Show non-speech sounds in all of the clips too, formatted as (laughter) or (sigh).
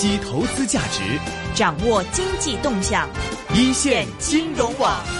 及投資價值，掌握經濟動向，一線金融網。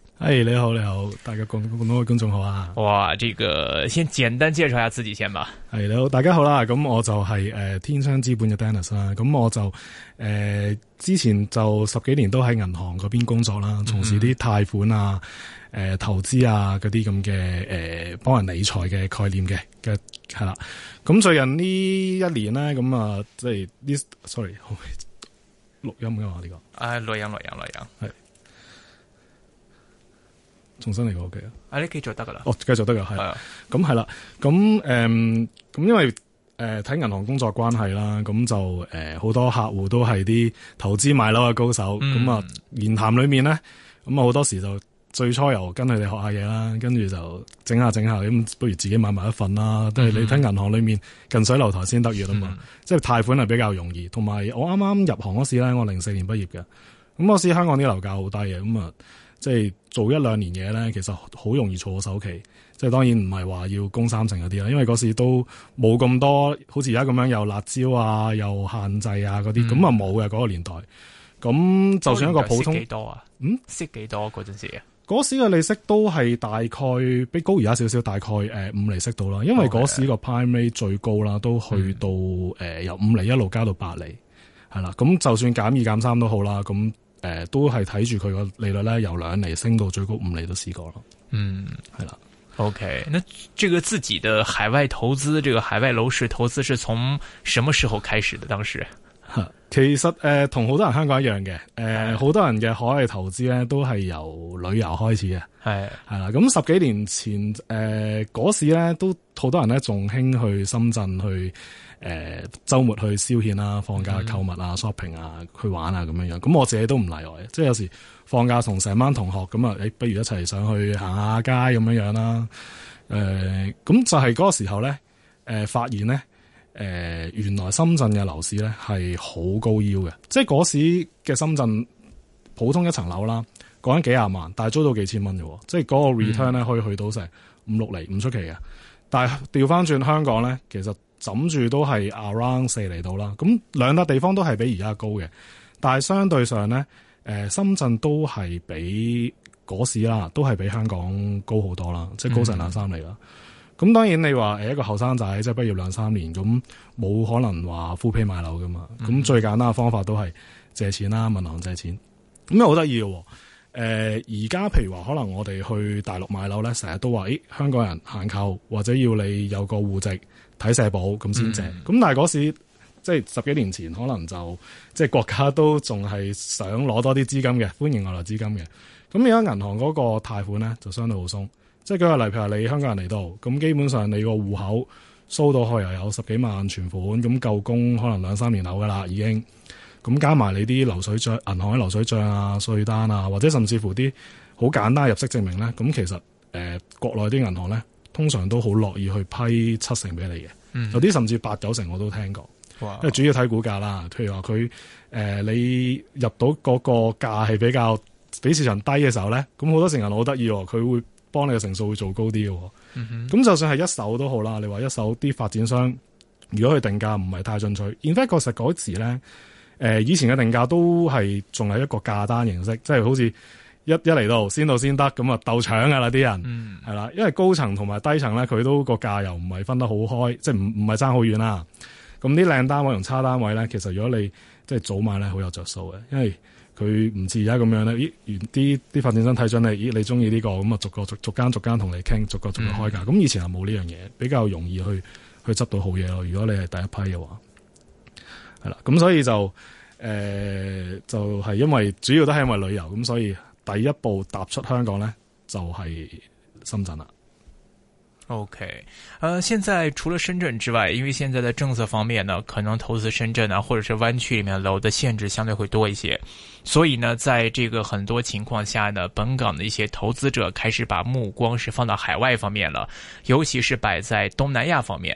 誒、hey，你好，你好，大家咁咁多位觀眾好啊！哇，這個先簡單介紹一下自己先吧。係、hey, 你好，大家好啦，咁我就係、是、誒、呃、天商資本嘅 Dennis 啦，咁我就誒、呃、之前就十幾年都喺銀行嗰邊工作啦，從事啲貸款啊、誒、嗯呃、投資啊嗰啲咁嘅誒幫人理財嘅概念嘅嘅係啦。咁最近呢一年咧，咁啊、呃、即係呢，sorry，錄、哦、音嘅嘛呢、這個。啊、呃，錄音，錄音，錄音，係。重新嚟過屋企，啊！啊，你幾得噶啦！哦，繼續得噶，係咁係啦，咁誒咁，嗯、因為誒睇、呃、銀行工作關係啦，咁就誒好、呃、多客戶都係啲投資買樓嘅高手，咁、嗯、啊言談裏面咧，咁啊好多時就最初又跟佢哋學下嘢啦，跟住就整下整下，咁不如自己買埋一份啦。都、嗯、係你睇銀行裏面近水樓台先得月啊嘛，即、嗯、係、就是、貸款係比較容易。同埋我啱啱入行嗰時咧，我零四年畢業嘅，咁嗰時香港啲樓價好低嘅，咁啊。即係做一兩年嘢咧，其實好容易過首期。即係當然唔係話要供三成嗰啲啦，因為嗰時都冇咁多，好似而家咁樣又辣招啊，又限制啊嗰啲，咁啊冇嘅嗰個年代。咁就算一個普通，息幾多啊？嗯，息幾多嗰陣時啊？嗰時嘅利息都係大概比高而家少少，大概誒五厘息到啦。因為嗰時個 prime rate 最高啦，都去到誒、嗯、由五厘一路加到八厘，係啦。咁就算減二減三都好啦，咁。誒、呃，都係睇住佢個利率咧，由兩厘升到最高五厘都試過咯。嗯，係啦。OK，那這個自己的海外投資，這個海外樓市投資是從什麼時候開始的？當時，其實誒，同、呃、好多人香港一樣嘅，誒、呃，好多人嘅海外投資咧，都係由旅遊開始嘅。係係啦，咁十幾年前，誒、呃、嗰時咧，都好多人咧仲興去深圳去。誒周末去消遣啦，放假去購物啊、shopping、嗯、啊，去玩啊，咁樣樣。咁我自己都唔例外，即係有時放假同成班同學咁啊，誒，不如一齊上去行下街咁樣樣啦。誒、呃，咁就係嗰個時候咧，誒、呃、發現咧、呃，原來深圳嘅樓市咧係好高腰嘅，即係嗰時嘅深圳普通一層樓啦，講緊幾廿萬，但係租到幾千蚊嘅喎，嗯、即係嗰個 return 咧可以去到成五六厘唔出奇嘅。但係調翻轉香港咧，其實。枕住都係 around 四嚟到啦，咁兩笪地方都係比而家高嘅，但係相對上咧，誒深圳都係比嗰時啦，都係比香港高好多啦，即係高成兩三厘啦。咁、嗯、當然你話誒一個後生仔即係畢業兩三年，咁冇可能話富批買樓噶嘛？咁、嗯、最簡單嘅方法都係借錢啦，問銀行借錢。咁又好得意嘅喎，而、嗯、家、呃、譬如話可能我哋去大陸買樓咧，成日都話，咦、哎、香港人限購，或者要你有個戶籍。睇社保咁先正，咁但係嗰時即係十幾年前，可能就即係國家都仲係想攞多啲資金嘅，歡迎外來資金嘅。咁而家銀行嗰個貸款咧就相對好鬆，即係舉個例，譬如你香港人嚟到，咁基本上你個戶口收到去又有十幾萬存款，咁夠供可能兩三年樓㗎啦，已經，咁加埋你啲流水賬、銀行嘅流水賬啊、稅單啊，或者甚至乎啲好簡單入息證明咧，咁其實，誒、呃、國內啲銀行咧通常都好樂意去批七成俾你嘅。有啲甚至八九成我都聽過，因為主要睇股價啦。譬如話佢誒，你入到嗰個價係比較比市場低嘅時候咧，咁好多時人好得意，佢會幫你嘅成數會做高啲嘅。咁、嗯、就算係一手都好啦，你話一手啲發展商，如果佢定價唔係太進取，In fact 確實嗰時咧，誒、呃、以前嘅定價都係仲係一個價單形式，即、就、係、是、好似。一一嚟到，到先到先得，咁啊鬥搶噶啦啲人，係、嗯、啦，因為高層同埋低層咧，佢都個價又唔係分得好開，即係唔唔係爭好遠啦。咁啲靚單位同差單位咧，其實如果你即係早買咧，好有着數嘅，因為佢唔似而家咁樣咧。咦，啲啲發展商睇上你，咦，你中意呢個，咁啊逐個逐間逐間逐間同你傾，逐個逐個開價。咁、嗯、以前係冇呢樣嘢，比較容易去去執到好嘢咯。如果你係第一批嘅話，係啦，咁所以就誒、呃，就係、是、因為主要都係因為旅遊，咁所以。第一步踏出香港呢，就係、是、深圳啦。OK，呃，現在除了深圳之外，因為現在的政策方面呢，可能投資深圳啊，或者是灣區裏面樓的限制相對會多一些，所以呢，在這個很多情況下呢，本港的一些投資者開始把目光是放到海外方面了，尤其是擺在東南亞方面。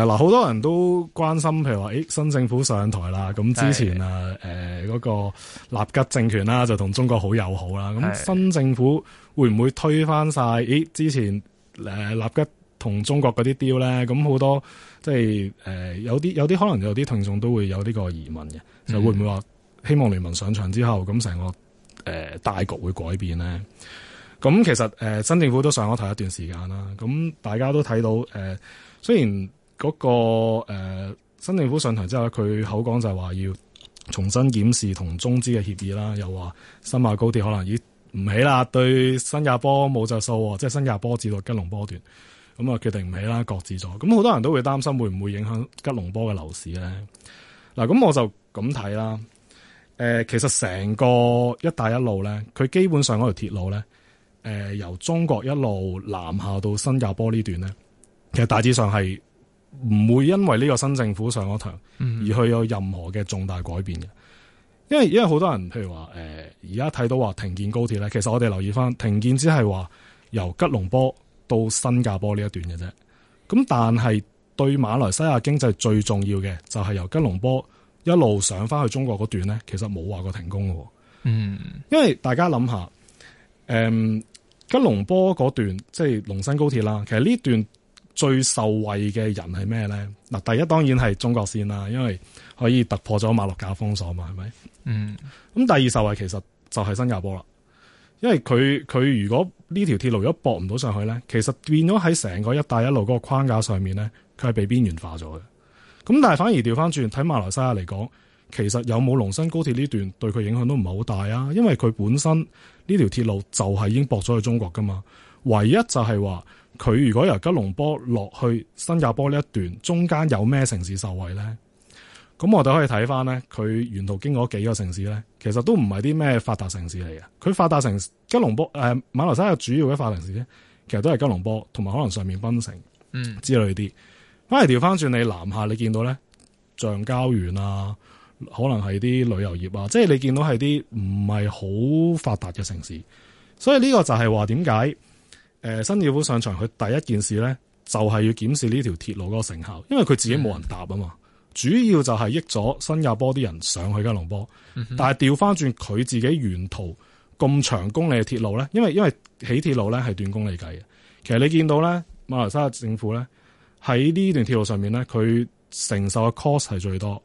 嗱，好多人都關心，譬如話，新政府上台啦，咁之前啊，嗰、呃嗰個納吉政權啦，就同中國好友好啦，咁新政府會唔會推翻晒誒之前誒納、呃、吉同中國嗰啲雕咧，咁好多即係誒、呃、有啲有啲可能有啲聽眾都會有呢個疑問嘅，就會唔會話希望聯盟上場之後，咁成個誒、呃、大局會改變咧？咁其實、呃、新政府都上咗台一段時間啦，咁大家都睇到誒、呃、雖然。嗰、那個、呃、新政府上台之後，佢口講就係話要重新檢視同中資嘅協議啦。又話新馬高鐵可能已唔起啦，對新加坡冇著數，即係新加坡至到吉隆坡段咁啊，就決定唔起啦，擱置咗。咁好多人都會擔心會唔會影響吉隆坡嘅樓市咧？嗱，咁我就咁睇啦。誒、呃，其實成個一帶一路咧，佢基本上嗰條鐵路咧，誒、呃、由中國一路南下到新加坡段呢段咧，其實大致上係唔會因為呢個新政府上咗台而去有任何嘅重大改變嘅，因為因為好多人譬如話，誒而家睇到話停建高鐵咧，其實我哋留意翻停建只係話由吉隆坡到新加坡呢一段嘅啫，咁但係對馬來西亞經濟最重要嘅就係由吉隆坡一路上翻去中國嗰段咧，其實冇話過停工嘅，嗯，因為大家諗下，誒吉隆坡嗰段即係龍新高鐵啦，其實呢段。最受惠嘅人係咩咧？嗱，第一當然係中國線啦，因為可以突破咗馬六甲封鎖嘛，係咪？嗯。咁第二受惠其實就係新加坡啦，因為佢佢如果呢條鐵路如果駁唔到上去咧，其實變咗喺成個一帶一路嗰個框架上面咧，佢係被邊緣化咗嘅。咁但係反而調翻轉睇馬來西亞嚟講，其實有冇龍新高鐵呢段對佢影響都唔係好大啊，因為佢本身呢條鐵路就係已經駁咗去中國㗎嘛，唯一就係話。佢如果由吉隆坡落去新加坡呢一段，中間有咩城市受惠咧？咁我哋可以睇翻咧，佢沿途經過幾個城市咧，其實都唔係啲咩發達城市嚟嘅。佢發達城市吉隆坡誒，馬來西亞主要嘅發達城市，其實都係吉隆坡，同、呃、埋可能上面檳城嗯之類啲、嗯。反而調翻轉你南下你，你見到咧橡膠園啊，可能係啲旅遊業啊，即、就、係、是、你見到係啲唔係好發達嘅城市。所以呢個就係話點解？誒新政府上場，佢第一件事咧，就係要檢視呢條鐵路嗰成效，因為佢自己冇人搭啊嘛。主要就係益咗新加坡啲人上去吉隆坡，嗯、但係調翻轉佢自己沿途咁長公里嘅鐵路咧，因為因為起鐵路咧係短公里計嘅。其實你見到咧，馬來西亞政府咧喺呢段鐵路上面咧，佢承受嘅 cost 係最多，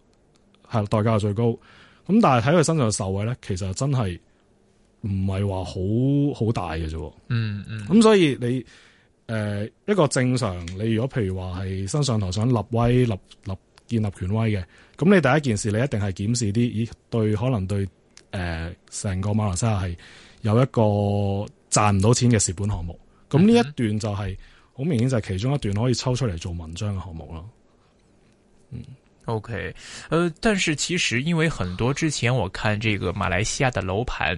係代價係最高。咁但係睇佢身上嘅受惠咧，其實真係。唔係話好好大嘅啫，嗯嗯，咁所以你誒、呃、一個正常，你如果譬如話係新上台想立威立立建立權威嘅，咁你第一件事你一定係檢視啲，咦對可能對誒成、呃、個馬來西亞係有一個賺唔到錢嘅蝕本項目，咁呢一段就係、是、好、嗯、明顯就係其中一段可以抽出嚟做文章嘅項目咯。嗯，OK，誒、呃，但係其實因為很多之前我看這個馬來西亞嘅樓盤。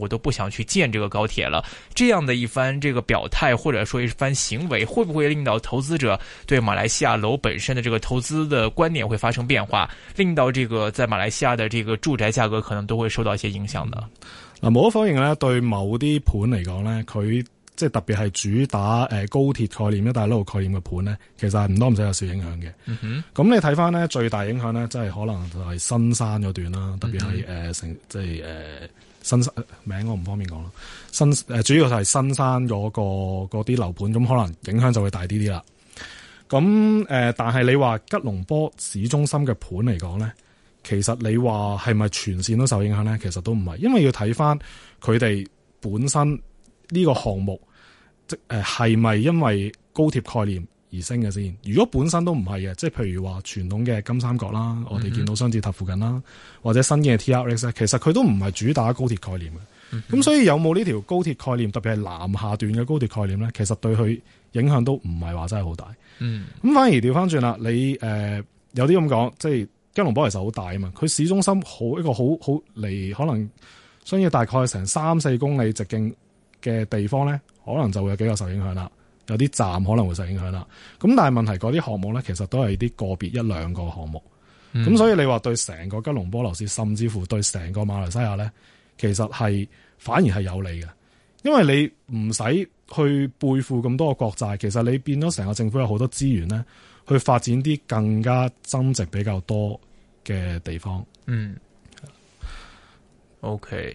我都不想去建這個高鐵了。這樣的一番這個表態，或者說一番行為，會不會令到投資者對馬來西亞樓本身的這個投資的觀念會發生變化？令到這個在馬來西亞的這個住宅價格可能都會受到一些影響的。嗱、嗯，某一方面呢，對某啲盤嚟講呢，佢即係特別係主打誒、呃、高鐵概念咧，一帶一路概念嘅盤呢，其實係唔多唔少有少影響嘅。咁、嗯、你睇翻呢最大影響呢，即係可能就係新山嗰段啦，特別係誒、嗯呃、成即係誒。呃新名我唔方便講啦，新主要就係新山嗰、嗰個嗰啲樓盤，咁可能影響就會大啲啲啦。咁、呃、但係你話吉隆坡市中心嘅盤嚟講咧，其實你話係咪全線都受影響咧？其實都唔係，因為要睇翻佢哋本身呢個項目，即誒係咪因為高鐵概念？而升嘅先，如果本身都唔係嘅，即係譬如話傳統嘅金三角啦、嗯，我哋見到雙子塔附近啦，或者新嘅 T R X 咧，其實佢都唔係主打高鐵概念嘅。咁、嗯、所以有冇呢條高鐵概念，特別係南下段嘅高鐵概念咧，其實對佢影響都唔係話真係好大。嗯，咁反而調翻轉啦，你誒、呃、有啲咁講，即係吉隆坡其實好大啊嘛，佢市中心好一個好好離可能所以大概成三四公里直徑嘅地方咧，可能就會有比較受影響啦。有啲站可能會受影響啦，咁但係問題嗰啲項目咧，其實都係啲個別一兩個項目，咁、嗯、所以你話對成個吉隆坡樓市，甚至乎對成個馬來西亞咧，其實係反而係有利嘅，因為你唔使去背負咁多個國債，其實你變咗成個政府有好多資源咧，去發展啲更加增值比較多嘅地方。嗯，OK。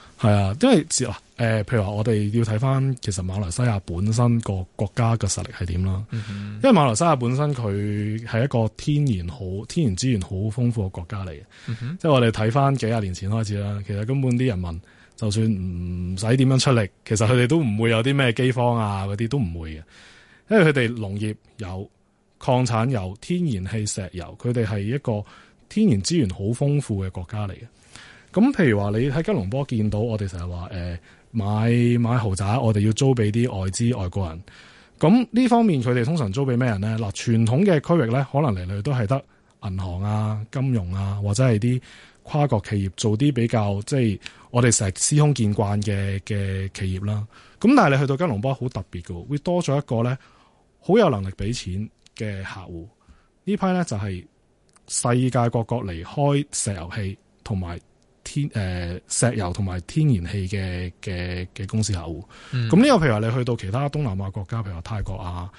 係啊，因為嗱、呃，譬如話，我哋要睇翻其實馬來西亞本身個國家嘅實力係點啦。因為馬來西亞本身佢係一個天然好、天然資源好豐富嘅國家嚟嘅、嗯。即係我哋睇翻幾廿年前開始啦，其實根本啲人民就算唔使點樣出力，其實佢哋都唔會有啲咩饑荒啊嗰啲都唔會嘅，因為佢哋農業有礦產油、天然氣、石油，佢哋係一個天然資源好豐富嘅國家嚟嘅。咁，譬如話，你喺吉隆坡見到我哋成日話，誒、呃、買買豪宅，我哋要租俾啲外資外國人。咁呢方面，佢哋通常租俾咩人咧？嗱、啊，傳統嘅區域咧，可能嚟嚟都係得銀行啊、金融啊，或者係啲跨國企業做啲比較，即、就、係、是、我哋成日司空見慣嘅嘅企業啦。咁，但係你去到吉隆坡好特別嘅，會多咗一個咧，好有能力俾錢嘅客戶。批呢批咧就係世界各國離開石油氣同埋。天誒、呃、石油同埋天然氣嘅嘅嘅公司客戶，咁、嗯、呢個譬如話你去到其他東南亞國家，譬如話泰國啊、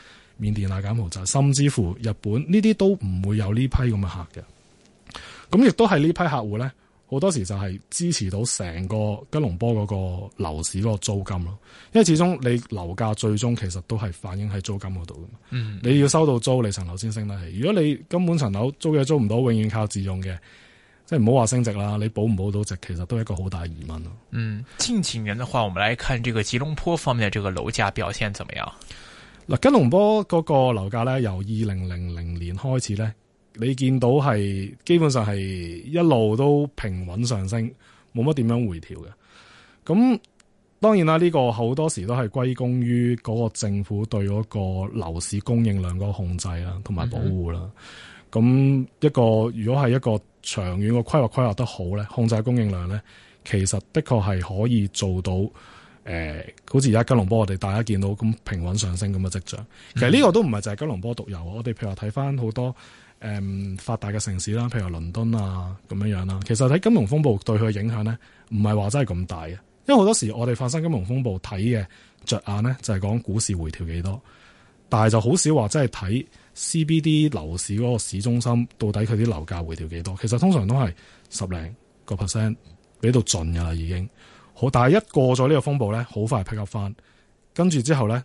緬甸啊、柬埔寨，甚至乎日本，呢啲都唔會有呢批咁嘅客嘅。咁亦都係呢批客戶咧，好多時就係支持到成個吉隆坡嗰個樓市嗰個租金咯。因為始終你樓價最終其實都係反映喺租金嗰度嘅嘛。嗯，你要收到租，你層樓先升得起。如果你根本層樓租嘢租唔到，永遠靠自用嘅。唔好話升值啦，你保唔保到值，其實都係一個好大疑問咯。嗯，近幾年的話，我們來看這個吉隆坡方面這個樓價表現怎麼樣？嗱，吉隆坡嗰個樓價咧，由二零零零年開始咧，你見到係基本上係一路都平穩上升，冇乜點樣回調嘅。咁當然啦，呢個好多時都係歸功於嗰個政府對嗰個樓市供應量個控制啦，同埋保護啦。咁、嗯、一個如果係一個長遠嘅規劃規劃得好咧，控制供應量咧，其實的確係可以做到。誒、呃，好似而家吉隆坡，我哋大家見到咁平穩上升咁嘅跡象。其實呢個都唔係就係吉隆坡獨有，我哋譬如話睇翻好多誒、嗯、發達嘅城市啦，譬如話倫敦啊咁樣樣啦。其實喺金融風暴對佢嘅影響咧，唔係話真係咁大嘅，因為好多時候我哋發生金融風暴睇嘅着眼咧，就係講股市回調幾多，但係就好少話真係睇。C.B.D. 樓市嗰個市中心，到底佢啲樓價回調幾多？其實通常都係十零個 percent，俾到盡㗎啦，已經好。但係一過咗呢個風暴咧，好快係 pick up 翻，跟住之後咧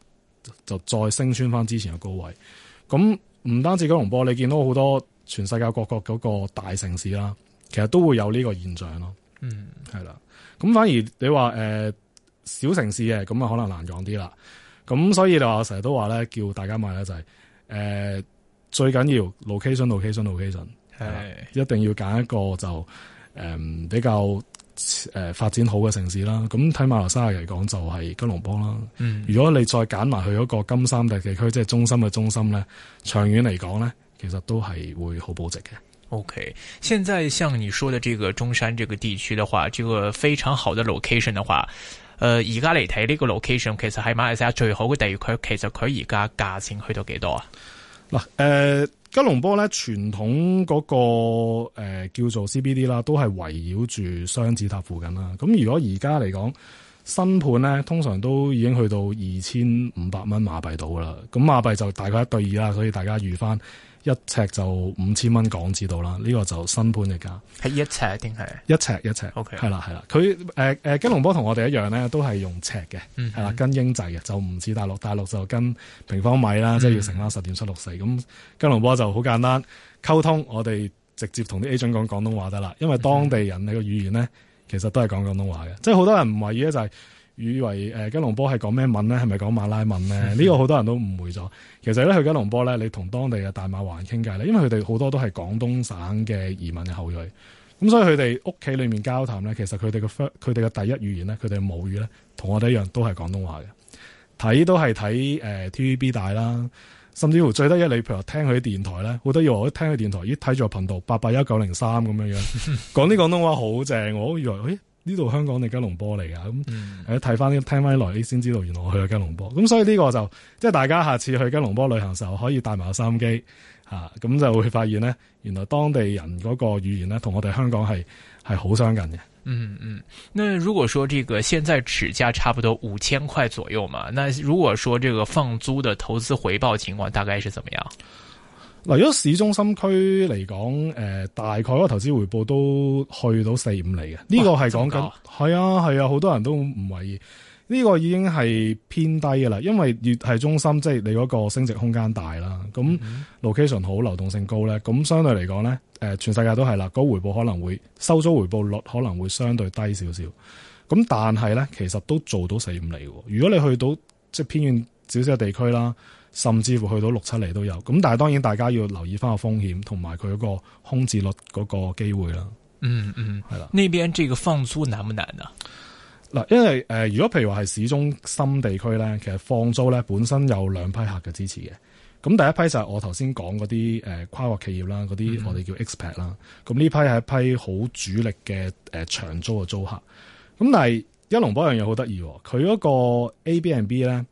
就再升穿翻之前嘅高位。咁唔單止金融波，你見到好多全世界各國嗰個大城市啦，其實都會有呢個現象咯。嗯，係啦。咁反而你話、呃、小城市嘅咁啊，就可能難講啲啦。咁所以你話成日都話咧，叫大家買咧就係、是。誒、呃、最緊要 location，location，location，location, location，係一定要揀一個就誒、呃、比較誒、呃、發展好嘅城市啦。咁睇馬來西亞嚟講就係吉隆坡啦、嗯。如果你再揀埋去嗰個金三角地區，即、就、係、是、中心嘅中心咧，長遠嚟講咧，其實都係會好保值嘅。OK，現在像你說的這個中山這個地區的話，這個非常好的 location 的話。誒、呃，而家嚟睇呢個 location，其實係馬來西亞最好嘅地區，其實佢而家價錢去到幾多啊？嗱，誒，吉隆坡咧傳統嗰、那個誒、呃、叫做 CBD 啦，都係圍繞住雙子塔附近啦。咁如果而家嚟講新盤咧，通常都已經去到二千五百蚊馬幣度噶啦。咁馬幣就大概一對二啦，所以大家預返。一尺就五千蚊港紙度啦，呢、這個就新盤嘅價，係一尺定係一尺一尺，OK 係啦係啦。佢誒誒，吉隆坡同我哋一樣咧，都係用尺嘅，係、mm、啦 -hmm.，跟英制嘅，就唔似大陸，大陸就跟平方米啦，mm -hmm. 即係要乘翻十點七六四咁。吉隆坡就好簡單溝通，我哋直接同啲 agent 講廣東話得啦，因為當地人你個語言咧其實都係講廣東話嘅，即係好多人唔懷疑嘅就係、是。以為誒吉隆坡係講咩文咧？係咪講馬拉文咧？呢 (laughs) 個好多人都誤會咗。其實咧去吉隆坡咧，你同當地嘅大馬華人傾偈咧，因為佢哋好多都係廣東省嘅移民嘅後裔，咁所以佢哋屋企裏面交談咧，其實佢哋嘅佢哋嘅第一語言咧，佢哋嘅母語咧，同我哋一樣都係廣東話嘅。睇都係睇誒 TVB 大啦，甚至乎最得一，你譬如聽佢啲電台咧，好多以為我聽佢電台咦睇咗頻道八八一九零三咁樣樣 (laughs) 講啲廣東話好正，我都以為呢度香港定吉隆坡嚟噶？咁睇翻聽翻來，你先知道原來我去咗吉隆坡。咁所以呢個就即係大家下次去吉隆坡旅行時候，可以帶埋個心機吓，咁、啊、就會發現呢，原來當地人嗰個語言呢，同我哋香港係係好相近嘅。嗯嗯，那如果說這個現在呎價差不多五千塊左右嘛，那如果說這個放租的投資回報情況大概是怎麼樣？嗱，如果市中心區嚟講，誒，大概嗰個投資回報都去到四五厘嘅，呢個係講緊係啊係啊，好多人都唔懷疑，呢個已經係偏低嘅啦。因為越係中心，即係你嗰個升值空間大啦，咁 location 好，流動性高咧，咁相對嚟講咧，誒，全世界都係啦，嗰回報可能會收租回報率可能會相對低少少，咁但係咧，其實都做到四五厘。如果你去到即係偏遠少少嘅地區啦。甚至乎去到六七厘都有，咁但係當然大家要留意翻個風險同埋佢嗰個空置率嗰個機會啦。嗯嗯，係啦。呢邊這個放租難唔難呢？嗱，因為誒，呃、如果譬如話係市中心地區咧，其實放租咧，本身有兩批客嘅支持嘅。咁第一批就係我頭先講嗰啲誒跨國企業啦，嗰啲我哋叫 expat 啦，嗯。咁呢批係一批好主力嘅誒、呃、長租嘅租客。咁但係吉隆坡樣嘢好得意，佢嗰個 A B and B 咧，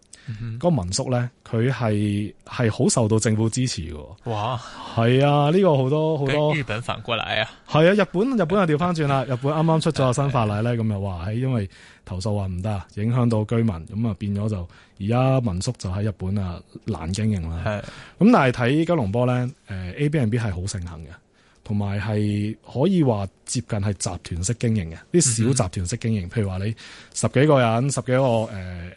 個民宿咧，佢係係好受到政府支持喎。哇、嗯！係啊，呢、呢個好多好多。多日本反過嚟啊！係啊，日本日本又調翻轉啦。日本啱啱出咗個新法例咧，咁又話係因為投訴話唔得，影響到居民，咁啊變咗就而家民宿就喺日本啊難經營啦。係。咁但係睇吉隆坡咧，誒 A B and B 係好盛行嘅。同埋係可以話接近係集團式經營嘅啲小集團式經營、嗯，譬如話你十幾個人、十幾個誒誒、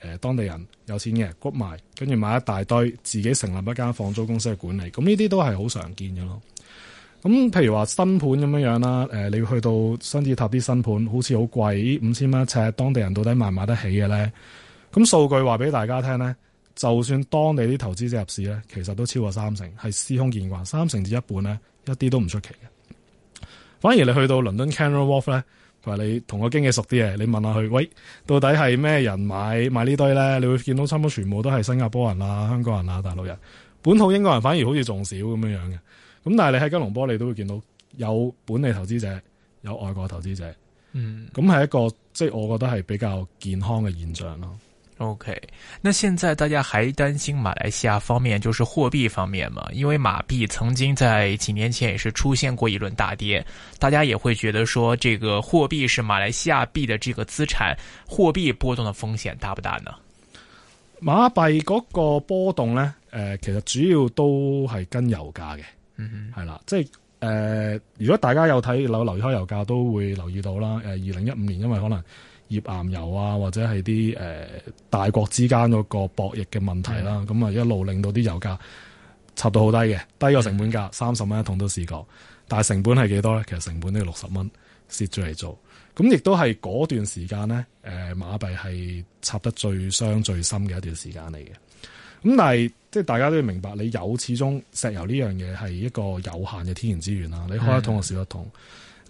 呃、當地人有錢嘅，谷埋，跟住買一大堆，自己成立一間放租公司去管理。咁呢啲都係好常見嘅咯。咁譬如話新盤咁樣樣啦，誒，你去到雙子塔啲新盤好似好貴，五千蚊一尺，當地人到底買唔買得起嘅咧？咁數據話俾大家聽咧，就算當地啲投資者入市咧，其實都超過三成係司空見慣，三成至一半咧。一啲都唔出奇嘅，反而你去到倫敦 Canary Wharf 咧，或你同個經紀熟啲嘅，你問下佢，喂，到底係咩人買買堆呢堆咧？你會見到差唔多全部都係新加坡人啦、啊、香港人啦、啊、大陸人，本土英國人反而好似仲少咁樣樣嘅。咁但係你喺吉隆坡你都會見到有本地投資者，有外國投資者，嗯，咁係一個即係我覺得係比較健康嘅現象咯。OK，那現在大家還擔心馬來西亞方面，就是貨幣方面嘛？因為馬幣曾經在幾年前也是出現過一輪大跌，大家也會覺得說，這個貨幣是馬來西亞幣的這個資產貨幣波動的風險大不大呢？馬幣嗰個波動呢，誒、呃，其實主要都係跟油價嘅，嗯哼，係啦，即係誒、呃，如果大家有睇有留意開油價，都會留意到啦，誒、呃，二零一五年因為可能。頁岩油啊，或者係啲、呃、大國之間嗰個博弈嘅問題啦，咁、嗯、啊一路令到啲油價插到好低嘅，低過成本價三十蚊一桶都試過，但係成本係幾多咧？其實成本都要六十蚊蝕住嚟做，咁亦都係嗰段時間咧，誒馬幣係插得最傷最深嘅一段時間嚟嘅。咁但係即係大家都要明白，你有始終石油呢樣嘢係一個有限嘅天然資源啦，你開一桶就少一桶，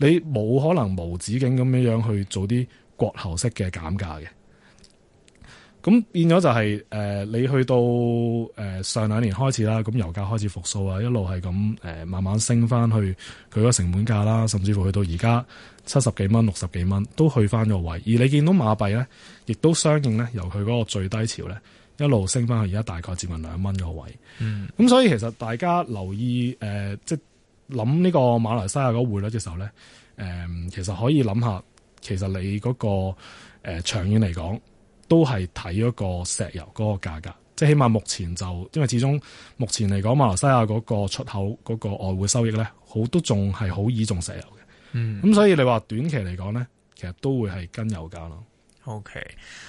嗯、你冇可能無止境咁樣樣去做啲。國後式嘅減價嘅，咁變咗就係、是、誒、呃，你去到誒、呃、上兩年開始啦，咁油價開始復蘇啊，一路係咁誒慢慢升翻去佢嗰個成本價啦，甚至乎去到而家七十幾蚊、六十幾蚊都去翻個位。而你見到馬幣咧，亦都相應咧由佢嗰個最低潮咧一路升翻去而家大概接近兩蚊個位。嗯，咁所以其實大家留意誒、呃，即係諗呢個馬來西亞嗰匯率嘅時候咧，誒、呃、其實可以諗下。其實你嗰、那個、呃、長長遠嚟講，都係睇嗰個石油嗰個價格，即係起碼目前就，因為始終目前嚟講，馬來西亞嗰個出口嗰、那個外匯收益咧，好都仲係好倚重石油嘅。嗯，咁、嗯、所以你話短期嚟講咧，其實都會係跟油價咯。OK，誒、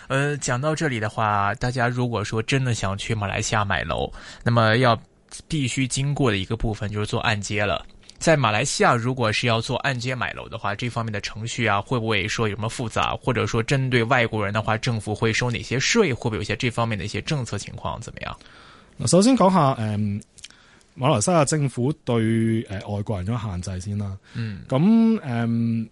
呃、講到這裏的話，大家如果說真的想去馬來西亞買樓，那麼要必須經過的一個部分就是做按揭了。在馬來西亞，如果是要做按揭買樓的話，這方面的程序啊，會不會說有什麼複雜？或者說針對外國人的話，政府會收哪些稅？會不會有啲這方面的一些政策情況？怎麼樣？首先講下、嗯，馬來西亞政府對外國人的限制先啦、嗯嗯、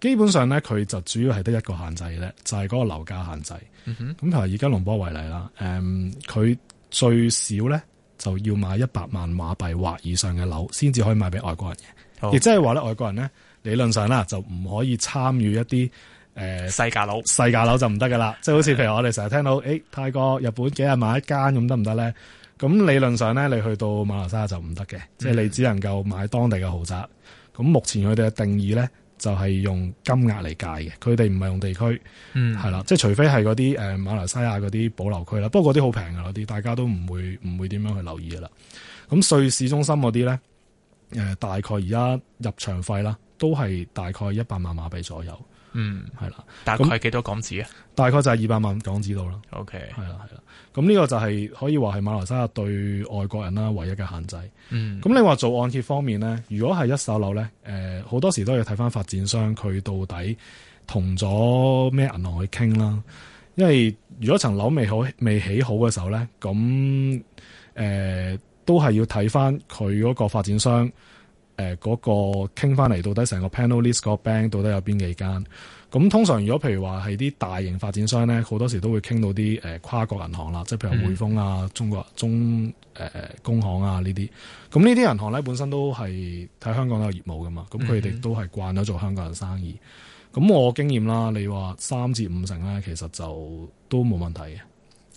基本上呢佢就主要係得一個限制咧，就係、是、嗰個樓價限制。嗯哼。咁同埋而家吉隆坡為例啦，誒、嗯，佢最少呢就要買一百萬馬幣或以上嘅樓，先至可以賣俾外國人嘅。亦即係話咧，外國人咧理論上啦，就唔可以參與一啲誒細價樓，細價樓就唔得嘅啦。即係好似譬如我哋成日聽到，誒、欸、泰國、日本幾日買一間咁得唔得咧？咁理論上咧，你去到馬來西亞就唔得嘅，即、嗯、係、就是、你只能夠買當地嘅豪宅。咁目前佢哋嘅定義咧。就係、是、用金額嚟計嘅，佢哋唔係用地區，係、嗯、啦，即係除非係嗰啲誒馬來西亞嗰啲保留區啦，不過嗰啲好平㗎，嗰啲大家都唔會唔會點樣去留意㗎啦。咁瑞士中心嗰啲咧，誒大概而家入場費啦，都係大概一百萬馬幣左右。嗯，係啦，大概係幾多港紙啊？大概就係二百萬港紙度啦。OK，係啦，係啦。咁呢個就係可以話係馬來西亞對外國人啦，唯一嘅限制。嗯，咁你話做按揭方面咧，如果係一手樓咧，誒、呃，好多時都要睇翻發展商佢到底同咗咩銀行去傾啦。因為如果層樓未好未起好嘅時候咧，咁誒、呃、都係要睇翻佢嗰個發展商。誒、那、嗰個傾翻嚟，到底成個 panel list 個 bank 到底有邊幾間？咁通常如果譬如話係啲大型發展商咧，好多時都會傾到啲誒跨國銀行啦，即係譬如匯豐啊、中國中工行啊呢啲。咁呢啲銀行咧，本身都係喺香港都有業務㗎嘛，咁佢哋都係慣咗做香港人生意。咁我經驗啦，你話三至五成咧，其實就都冇問題嘅。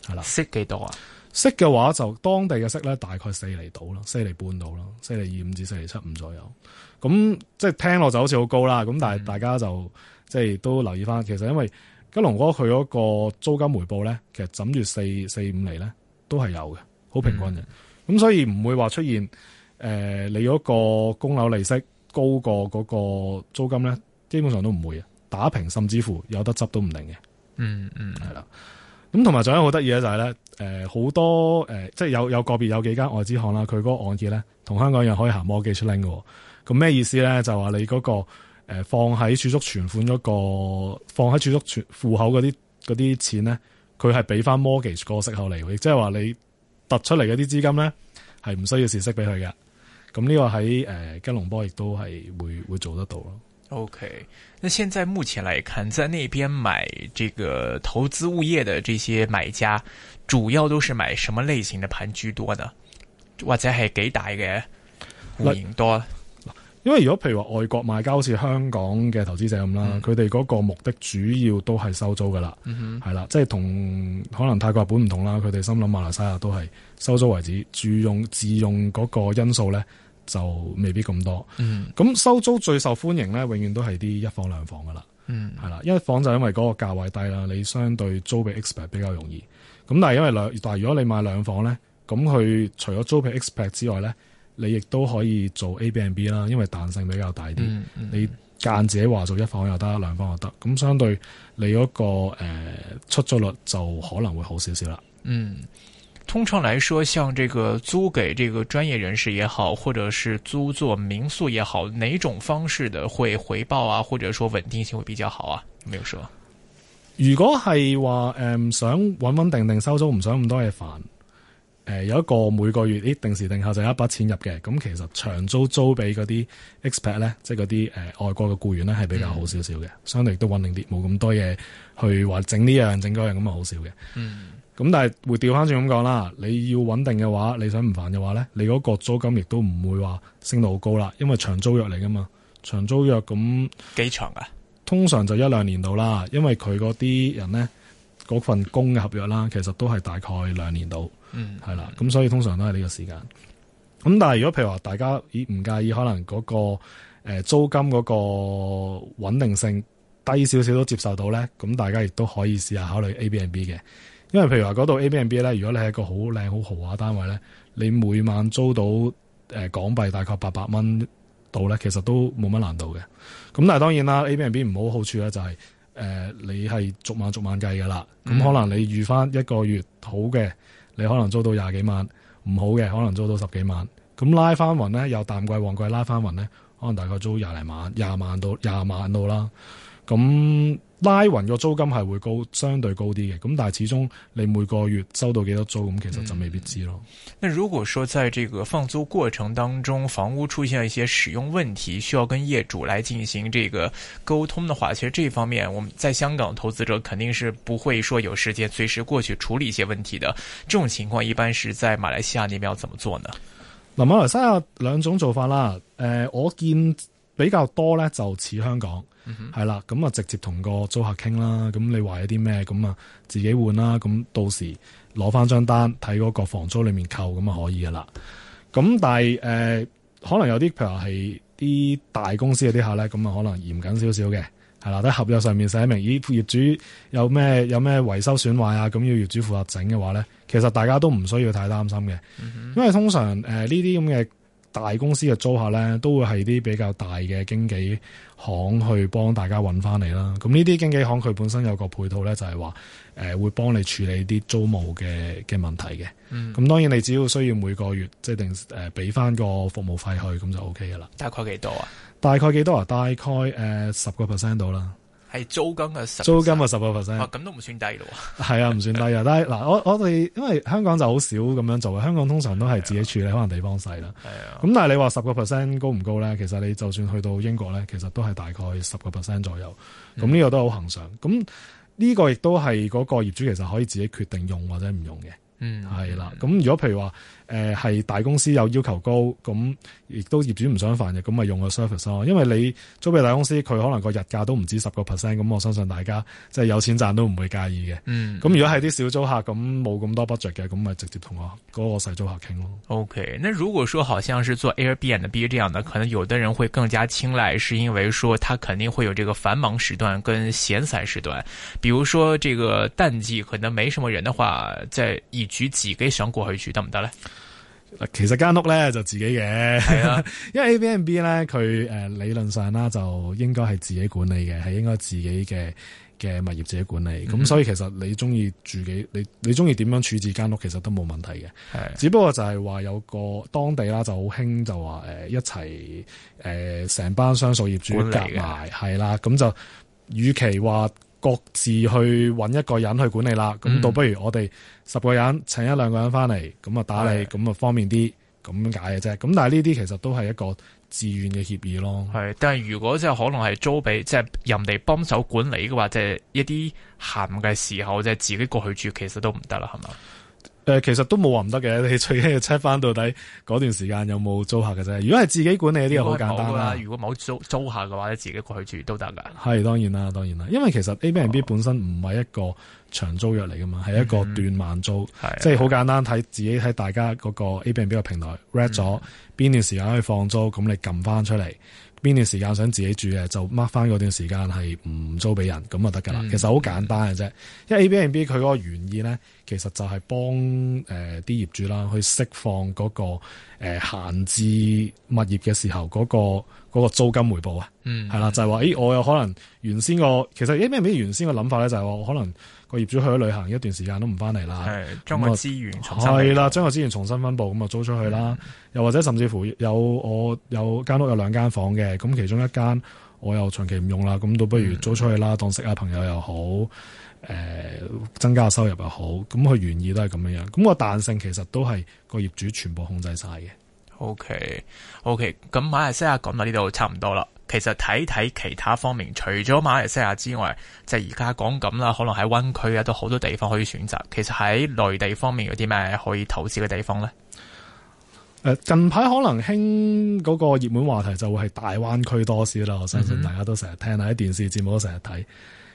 係啦，息幾多啊？息嘅話就當地嘅息咧，大概四厘到啦，四厘半到啦，四厘二五至四厘七五左右。咁即係聽落就好似好高啦。咁但係、嗯、大家就即係都留意返，其實因為吉隆哥佢嗰個租金回報咧，其實枕住四四五厘咧都係有嘅，好平均嘅。咁、嗯、所以唔會話出現誒、呃，你嗰個供樓利息高過嗰個租金咧，基本上都唔會嘅，打平甚至乎有得執都唔定嘅。嗯嗯，係啦。咁同埋仲有好得意咧，就係咧，誒，好多誒，即係有有個別有幾間外資行啦，佢嗰個按揭咧，同香港一樣可以行 mortgage link 嘅。咁咩意思咧？就話你嗰、那個誒、呃、放喺儲蓄存款嗰、那個，放喺儲蓄存戶口嗰啲嗰啲錢咧，佢係俾翻 mortgage 個息口嚟，亦即係話你突出嚟嗰啲資金咧，係唔需要利息俾佢嘅。咁呢個喺誒吉隆坡亦都係會會做得到咯。O、okay. K，那現在目前來看，在那邊買這個投資物業的這些買家，主要都是買什麼類型的盤居多呢？或者係幾大嘅戶型多咧？因為如果譬如話外國買家好似香港嘅投資者咁啦，佢哋嗰個目的主要都係收租噶啦，係、嗯、啦，即係同可能泰國、日本唔同啦，佢哋心諗馬來西亞都係收租為止，住用自用嗰個因素咧。就未必咁多。咁、嗯、收租最受歡迎咧，永遠都係啲一,一房兩房噶啦。係、嗯、啦，一房就係因為嗰個價位低啦，你相對租俾 expat 比較容易。咁但係因為兩但係如果你買兩房咧，咁佢除咗租俾 expat 之外咧，你亦都可以做 Airbnb 啦，因為彈性比較大啲、嗯嗯。你間自己話做一房又得，兩房又得，咁相對你嗰個誒出租率就可能會好少少啦。嗯。通常來說，像這個租給這個專業人士也好，或者是租做民宿也好，哪種方式的會回報啊？或者說穩定性會比較好啊？有沒有說？如果係話誒，想穩穩定定收租，唔想咁多嘢煩，誒、呃，有一個每個月定時定候就有一筆錢入嘅，咁其實長租租俾嗰啲 expert 咧，即係嗰啲誒外國嘅僱員咧，係比較好少少嘅、嗯，相對都穩定啲，冇咁多嘢去話整呢樣整嗰樣，咁啊好少嘅，嗯。咁但係會調翻轉咁講啦，你要穩定嘅話，你想唔煩嘅話咧，你嗰個租金亦都唔會話升到好高啦，因為長租約嚟噶嘛。長租約咁幾長啊？通常就一兩年到啦，因為佢嗰啲人咧嗰份工嘅合約啦，其實都係大概兩年到，嗯，係啦。咁所以通常都係呢個時間。咁但係如果譬如話大家咦唔介意，可能嗰個誒租金嗰個穩定性低少少都接受到咧，咁大家亦都可以試下考慮 Airbnb 嘅。因為譬如話嗰度 A B N B 咧，如果你係一個好靚好豪華單位咧，你每晚租到誒、呃、港幣大概八百蚊到咧，其實都冇乜難度嘅。咁但係當然啦，A、啊、B N B 唔好好處咧就係、是、誒、呃、你係逐晚逐晚計噶啦。咁、嗯、可能你預翻一個月好嘅，你可能租到廿幾萬；唔好嘅，可能租到十幾萬。咁拉翻勻咧，又淡季旺季拉翻勻咧，可能大概租廿零萬、廿萬到廿萬度啦。咁拉匀個租金係會高，相對高啲嘅。咁但係始終你每個月收到幾多租，咁其實就未必知咯。嗯，那如果說在這個放租過程當中，房屋出現一些使用問題，需要跟業主來進行這個溝通的話，其實這方面我們在香港投資者肯定是不會說有時間隨時過去處理一些問題的。這種情況一般是在馬來西亞那邊要怎麼做呢？嗱，馬來西亞兩種做法啦。呃，我見。比較多咧就似香港，係、嗯、啦，咁啊直接同個租客傾啦，咁你話有啲咩，咁啊自己換啦，咁到時攞翻張單睇嗰個房租裏面扣，咁啊可以嘅啦。咁但係、呃、可能有啲譬如話係啲大公司嘅啲客咧，咁啊可能嚴謹少少嘅，係啦，喺合約上面寫明咦業主有咩有咩維修損壞啊，咁要業主負責整嘅話咧，其實大家都唔需要太擔心嘅、嗯，因為通常誒呢啲咁嘅。呃這大公司嘅租客咧，都會係啲比較大嘅經紀行去幫大家揾翻嚟啦。咁呢啲經紀行佢本身有個配套咧，就係話誒會幫你處理啲租務嘅嘅問題嘅。咁、嗯、當然你只要需要每個月即係定誒俾翻個服務費去，咁就 O K 㗎啦。大概幾多啊？大概幾多啊？大概誒十個 percent 到啦。呃係租金嘅十，租金嘅十個 percent，咁都唔算低咯。係啊，唔算低啊， (laughs) 但嗱。我我哋因為香港就好少咁樣做嘅，香港通常都係自己處理，可能地方細啦。係啊。咁但係你話十個 percent 高唔高咧？其實你就算去到英國咧，其實都係大概十個 percent 左右。咁、嗯、呢個都好恒常。咁呢個亦都係嗰個業主其實可以自己決定用或者唔用嘅。嗯，係啦。咁如果譬如話，誒、呃、係大公司有要求高，咁亦都業主唔想煩嘅，咁咪用個 service 咯。因為你租俾大公司，佢可能個日價都唔止十個 percent，咁我相信大家即係有錢賺都唔會介意嘅。嗯，咁如果係啲小租客，咁冇咁多不 t 嘅，咁咪直接同我嗰、那個細租客傾咯。OK，那如果說好像是做 Airbnb 這樣的，可能有的人會更加青睞，係因為說，他肯定會有這個繁忙時段跟閒散時段。比如說，這個淡季可能沒什麼人的話，再一舉幾個想過去一得唔得咧？行其實間屋咧就自己嘅，係啊， (laughs) 因為 Airbnb 咧佢誒理論上啦就應該係自己管理嘅，係應該自己嘅嘅物業自己管理，咁、嗯、所以其實你中意住幾，你你中意點樣處置間屋，其實都冇問題嘅。係，只不過就係話有個當地啦就好興就話誒一齊誒成班商數業主夾埋係啦，咁就與其話。各自去揾一個人去管理啦，咁倒不如我哋十個人請一兩個人翻嚟咁啊打理，咁啊方便啲，咁解嘅啫。咁但係呢啲其實都係一個自願嘅協議咯。係，但係如果即係可能係租俾即係人哋幫手管理嘅話，即係一啲閒嘅時候，即係自己過去住，其實都唔得啦，係嘛？誒、呃，其實都冇話唔得嘅，你最緊要 check 翻到底嗰段時間有冇租客嘅啫。如果係自己管理啲，又好簡單啦。如果冇、這個、租租客嘅話，咧自己過去住都得噶。係，當然啦，當然啦。因為其實 A B B、哦、本身唔係一個長租約嚟噶嘛，係一個短慢租，嗯、即係好簡單睇自己喺大家嗰個 A B B 嘅平台 read 咗邊、嗯、段時間可以放租，咁你撳翻出嚟。邊段時間想自己住嘅就 mark 翻嗰段時間，係唔租俾人，咁就得㗎啦，其實好簡單嘅啫、嗯。因為 A B N B 佢嗰個原意咧，其實就係幫誒啲業主啦，去釋放嗰個誒閒置物業嘅時候嗰、嗰個嗰個租金回報啊，係、嗯、啦，就係話誒，我有可能原先個其實誒咩咩原先嘅諗法咧，就係我可能。個業主去咗旅行一段時間都唔翻嚟啦，係將個資源係啦，將個資源重新分布咁啊租出去啦、嗯，又或者甚至乎有我有間屋有兩間房嘅，咁其中一間我又長期唔用啦，咁都不如租出去啦、嗯，當識下朋友又好，誒、呃、增加收入又好，咁佢原意都係咁樣樣，咁、那個彈性其實都係個業主全部控制晒嘅。O K，O K，咁馬來西亞講到呢度差唔多啦。其實睇睇其他方面，除咗馬來西亞之外，就係而家講緊啦，可能喺灣區啊，都好多地方可以選擇。其實喺內地方面有啲咩可以投資嘅地方呢？誒，近排可能興嗰個熱門話題就會係大灣區多少啦。我相信大家都成日聽啊，喺、嗯、電視節目都成日睇。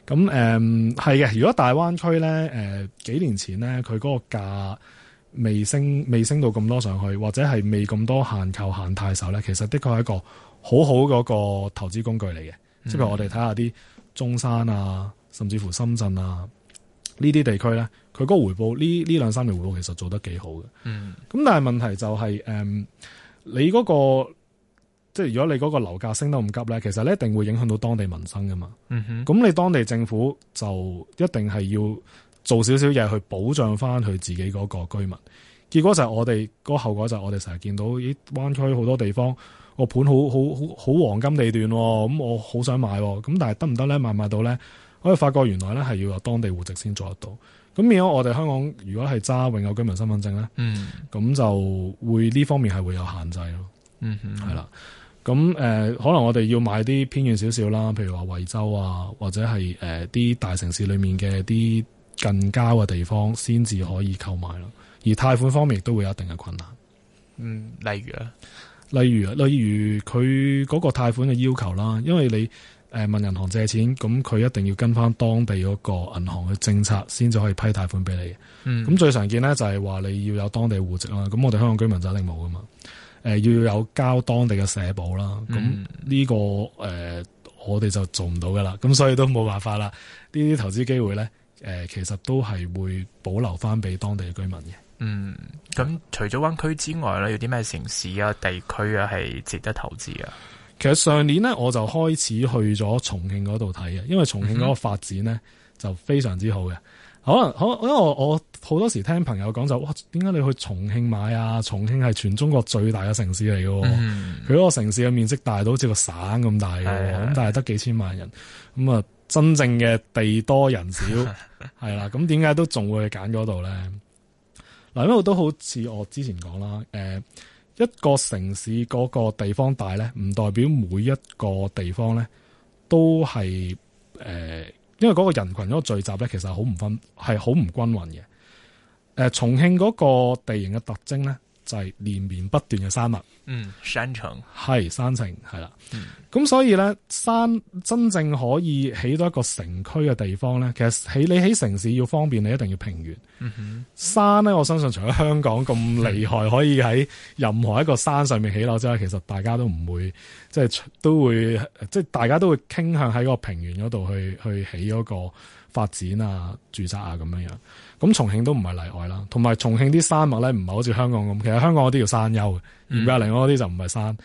咁誒，係、嗯、嘅。如果大灣區咧，誒、呃，幾年前咧，佢嗰個價。未升未升到咁多上去，或者係未咁多限購限貸嘅呢咧，其實的確係一個好好嗰個投資工具嚟嘅。即、嗯、係我哋睇下啲中山啊，甚至乎深圳啊呢啲地區咧，佢嗰個回報呢呢兩三年回報其實做得幾好嘅。嗯，咁但係問題就係、是、誒，你嗰、那個即係如果你嗰個樓價升得咁急咧，其實你一定會影響到當地民生噶嘛。嗯哼，咁你當地政府就一定係要。做少少嘢去保障翻佢自己嗰個居民，結果就係我哋嗰、那個後果就係我哋成日見到咦，灣區好多地方個盤好好好好黃金地段喎，咁我好想買，咁但係得唔得咧？買買到咧？可以發覺原來咧係要有當地戶籍先做得到。咁變咗我哋香港如果係揸永久居民身份證咧，咁、嗯、就會呢方面係會有限制咯。嗯哼，係啦。咁、呃、誒可能我哋要買啲偏遠少少啦，譬如話惠州啊，或者係誒啲大城市裏面嘅啲。近郊嘅地方先至可以購買咯，而貸款方面亦都會有一定嘅困難。嗯，例如咧，例如例如佢嗰個貸款嘅要求啦，因為你誒問銀行借錢，咁佢一定要跟翻當地嗰個銀行嘅政策先至可以批貸款俾你。嗯，咁最常見咧就係話你要有當地戶籍啦，咁我哋香港居民就一定冇噶嘛。誒，要有交當地嘅社保啦，咁呢、個誒、嗯呃、我哋就做唔到噶啦，咁所以都冇辦法啦。呢啲投資機會咧。誒，其實都係會保留翻俾當地嘅居民嘅。嗯，咁除咗灣區之外咧，有啲咩城市啊、地區啊係值得投資啊？其實上年咧，我就開始去咗重慶嗰度睇嘅，因為重慶嗰個發展咧就非常之好嘅。可能，好因為我我好多時聽朋友講就哇，點解你去重慶買啊？重慶係全中國最大嘅城市嚟喎。佢嗰個城市嘅面積大到好似個省咁大嘅，咁但係得幾千萬人，咁啊，真正嘅地多人少，嗯。嗯嗯係啦，咁點解都仲會去揀嗰度咧？嗱，因為都好似我之前講啦，誒，一個城市嗰個地方大咧，唔代表每一個地方咧都係誒，因為嗰個人群嗰個聚集咧，其實好唔分，係好唔均勻嘅。誒、呃，重慶嗰個地形嘅特徵咧。係、就係、連綿不斷嘅山脈，嗯，山城係山城係啦，咁、嗯、所以咧山，真正可以起到一個城區嘅地方咧，其實起你喺城市要方便，你一定要平原。嗯、哼山咧，我相信除咗香港咁厲害可以喺任何一個山上面起樓之外， (laughs) 其實大家都唔會即係都會即係大家都會傾向喺個平原嗰度去去起嗰個。發展啊，住宅啊咁樣樣，咁重慶都唔係例外啦。同埋重慶啲山脈咧，唔係好似香港咁。其實香港嗰啲叫山丘嘅、嗯，而隔另離我嗰啲就唔係山。嗯、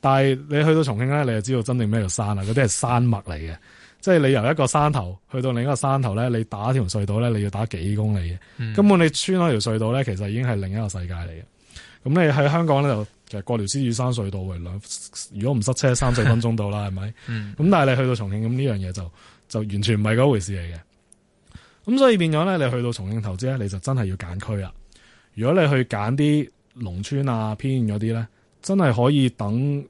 但係你去到重慶咧，你就知道真正咩叫山啦。嗰啲係山脈嚟嘅，即、就、係、是、你由一個山頭去到另一個山頭咧，你打條隧道咧，你要打幾公里嘅、嗯。根本你穿開條隧道咧，其實已經係另一個世界嚟嘅。咁你喺香港咧就其實過條獅子山隧道為兩，如果唔塞車三，三四分鐘到啦，係 (laughs) 咪、嗯？咁但係你去到重慶咁呢樣嘢就就完全唔係嗰回事嚟嘅。咁所以變咗咧，你去到重慶投資咧，你就真係要揀區啦。如果你去揀啲農村啊、偏遠嗰啲咧，真係可以等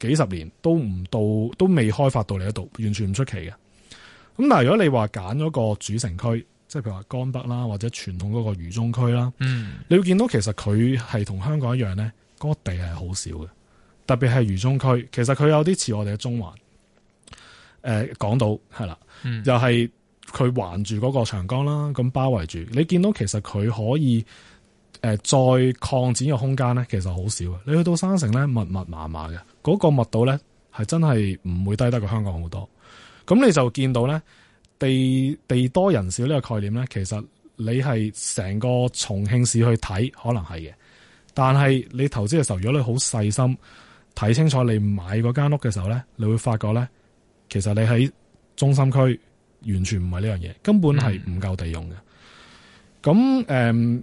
幾十年都唔到，都未開發到你一度，完全唔出奇嘅。咁但係如果你話揀咗個主城區，即係譬如話江北啦，或者傳統嗰個渝中區啦，嗯，你會見到其實佢係同香港一樣咧，嗰個地係好少嘅，特別係渝中區，其實佢有啲似我哋嘅中環，誒、呃，港島係啦，又、嗯、係。就是佢環住嗰個長江啦，咁包圍住，你見到其實佢可以誒、呃、再擴展嘅空間咧，其實好少。你去到山城咧，密密麻麻嘅嗰、那個密度咧，係真係唔會低得過香港好多。咁你就見到咧，地地多人少呢個概念咧，其實你係成個重慶市去睇可能係嘅，但係你投資嘅時候，如果你好細心睇清楚你買嗰間屋嘅時候咧，你會發覺咧，其實你喺中心區。完全唔係呢樣嘢，根本係唔夠地用嘅。咁、嗯、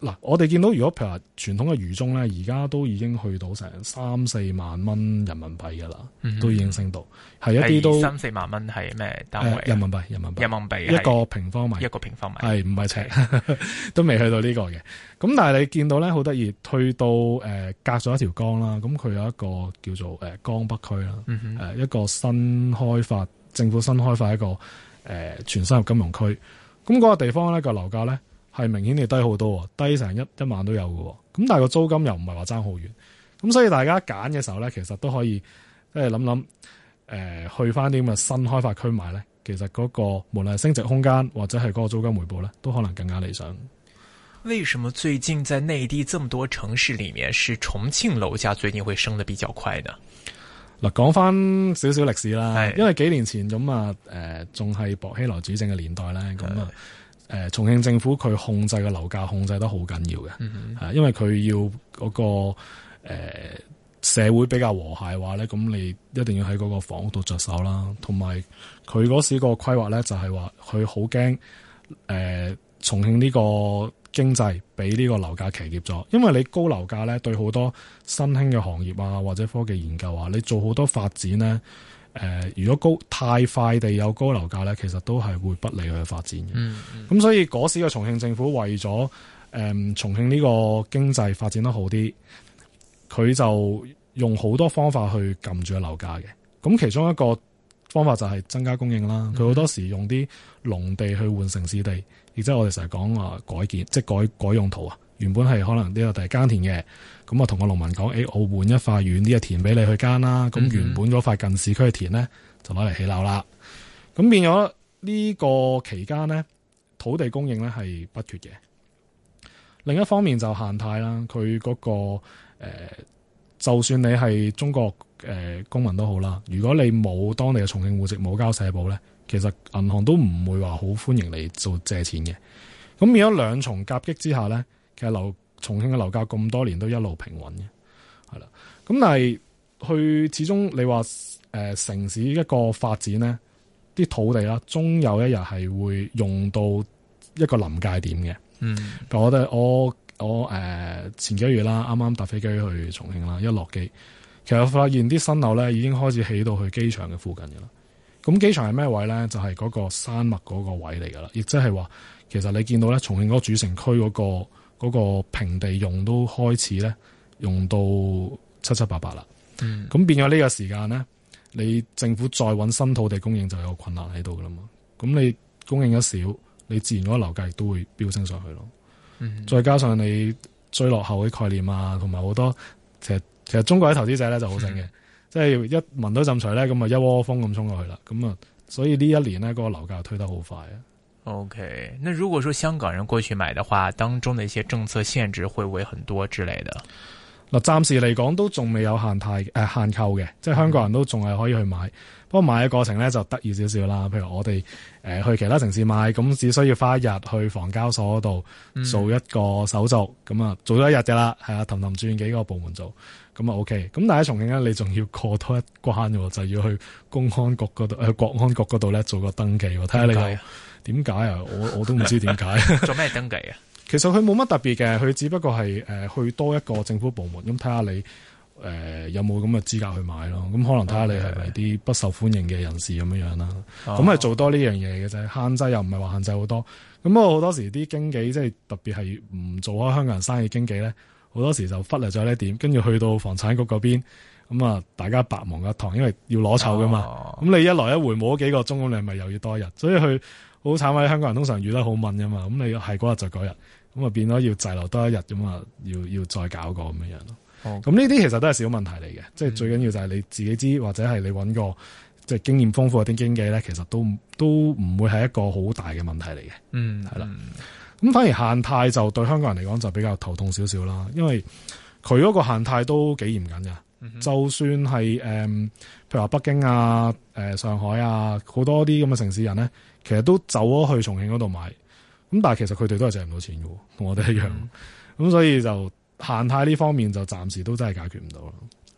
誒，嗱、嗯，我哋見到如果譬如話傳統嘅魚中咧，而家都已經去到成三四萬蚊人民幣噶啦，都已經升到係一啲都三四萬蚊係咩單位？人民幣，人民幣，人民幣一個平方米，一個平方米係唔係尺？5m, (laughs) 都未去到，個到呢個嘅。咁但係你見到咧，好得意，去到誒、呃、隔咗一條江啦，咁佢有一個叫做誒、呃、江北區啦，誒一個新開發，政府新開發一個。誒，全新金融區，咁、那、嗰個地方呢個樓價呢，係明顯地低好多，低成一一萬都有嘅，咁但係個租金又唔係話爭好遠，咁所以大家揀嘅時候呢，其實都可以即係諗諗，誒去翻啲咁嘅新開發區買呢。其實嗰個無論係升值空間或者係嗰個租金回報呢，都可能更加理想。為什麼最近在內地這麼多城市裏面，是重慶樓價最近會升得比較快呢？嗱，講翻少少歷史啦。因為幾年前咁啊，誒，仲係薄熙來主政嘅年代咧，咁啊，誒，重慶政府佢控制嘅樓價控制得好緊要嘅，因為佢要嗰個誒社會比較和諧話咧，咁你一定要喺嗰個房屋度着手啦。同埋佢嗰時個規劃咧，就係話佢好驚誒重慶呢個。經濟俾呢個樓價騎劫咗，因為你高樓價呢，對好多新興嘅行業啊，或者科技研究啊，你做好多發展呢。誒、呃，如果高太快地有高樓價呢，其實都係會不利佢發展嘅。咁、嗯嗯、所以嗰時嘅重慶政府為咗誒、呃、重慶呢個經濟發展得好啲，佢就用好多方法去撳住個樓價嘅。咁其中一個方法就係增加供應啦，佢好多時用啲農地去換城市地。嗯嗯亦即係我哋成日講話改建，即係改改用途啊！原本係可能呢個地耕田嘅，咁啊同個農民講，誒、哎，我換一塊遠啲嘅田俾你去耕啦。咁原本嗰塊近市區嘅田咧，就攞嚟起樓啦。咁變咗呢個期間咧，土地供應咧係不缺嘅。另一方面就限貸啦，佢嗰、那個、呃、就算你係中國誒、呃、公民都好啦，如果你冇當地嘅重慶戶籍，冇交社保咧。其實銀行都唔會話好歡迎你做借錢嘅，咁變咗兩重夾擊之下咧，其實樓重慶嘅樓價咁多年都一路平穩嘅，係啦。咁但係佢始終你話誒城市一個發展咧，啲土地啦，終有一日係會用到一個臨界點嘅。嗯，我係我我我誒前幾個月啦，啱啱搭飛機去重慶啦，一落機其實我發現啲新樓咧已經開始起到去機場嘅附近嘅啦。咁機場係咩位咧？就係、是、嗰個山脈嗰個位嚟㗎啦，亦即係話，其實你見到咧，重慶嗰個主城區嗰、那個嗰、那個、平地用都開始咧用到七七八八啦。咁、嗯、變咗呢個時間咧，你政府再揾新土地供應就有困難喺度㗎啦嘛。咁你供應得少，你自然嗰個樓價亦都會飆升上去咯、嗯。再加上你最落後嘅概念啊，同埋好多其實其實中國嘅投資者咧就好醒嘅。嗯。即係一聞到浸水咧，咁啊一窩蜂咁衝過去啦，咁啊，所以呢一年呢嗰、那個樓價推得好快啊。O、okay. K，那如果說香港人過去買的話，當中的一些政策限制會唔會很多之類的？嗱，暫時嚟講都仲未有限貸誒、呃，限購嘅，即係香港人都仲係可以去買。不過買嘅過程呢，就得意少少啦。譬如我哋誒、呃、去其他城市買，咁只需要花一日去房交所嗰度做一個手續，咁、嗯、啊做咗一日嘅啦，係啊，氹氹轉幾個部門做。咁啊 OK，咁但係喺重慶咧，你仲要過多一關喎，就要去公安局嗰度，去、呃、國安局嗰度咧做個登記喎，睇下你點解啊？我我都唔知點解。 (laughs) 做咩登記啊？其實佢冇乜特別嘅，佢只不過係、呃、去多一個政府部門，咁睇下你誒、呃、有冇咁嘅資格去買咯。咁可能睇下你係咪啲不受歡迎嘅人士咁樣樣啦。咁、嗯、係、啊、做多呢樣嘢嘅啫，限制又唔係話限制好多。咁我好多時啲經紀，即係特別係唔做開香港人生意經紀咧。好多時就忽略咗呢一點，跟住去到房產局嗰邊，咁啊大家白忙一堂，因為要攞籌噶嘛。咁、哦、你一來一回冇咗幾個鐘，咁你咪又要多日，所以佢好慘啊！香港人通常遇得好敏噶嘛，咁你係嗰日就嗰日，咁啊變咗要滯留多一日咁啊，要要再搞過咁樣樣咯。哦，咁呢啲其實都係小問題嚟嘅，即、嗯、係、就是、最緊要就係你自己知，或者係你搵個即係、就是、經驗豐富啲經紀咧，其實都都唔會係一個好大嘅問題嚟嘅。嗯，係啦。咁反而限貸就對香港人嚟講就比較頭痛少少啦，因為佢嗰個限貸都幾嚴謹㗎、嗯。就算係誒，譬如話北京啊、誒上海啊，好多啲咁嘅城市人咧，其實都走咗去重慶嗰度買。咁但係其實佢哋都係借唔到錢喎，同我哋一樣。咁、嗯、所以就限貸呢方面就暫時都真係解決唔到。